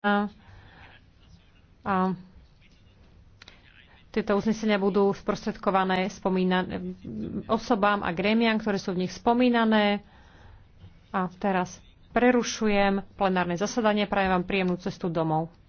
a tieto uznesenia budú sprostredkované osobám a grémiam, ktoré sú v nich spomínané. A teraz prerušujem plenárne zasadanie. Prajem vám príjemnú cestu domov.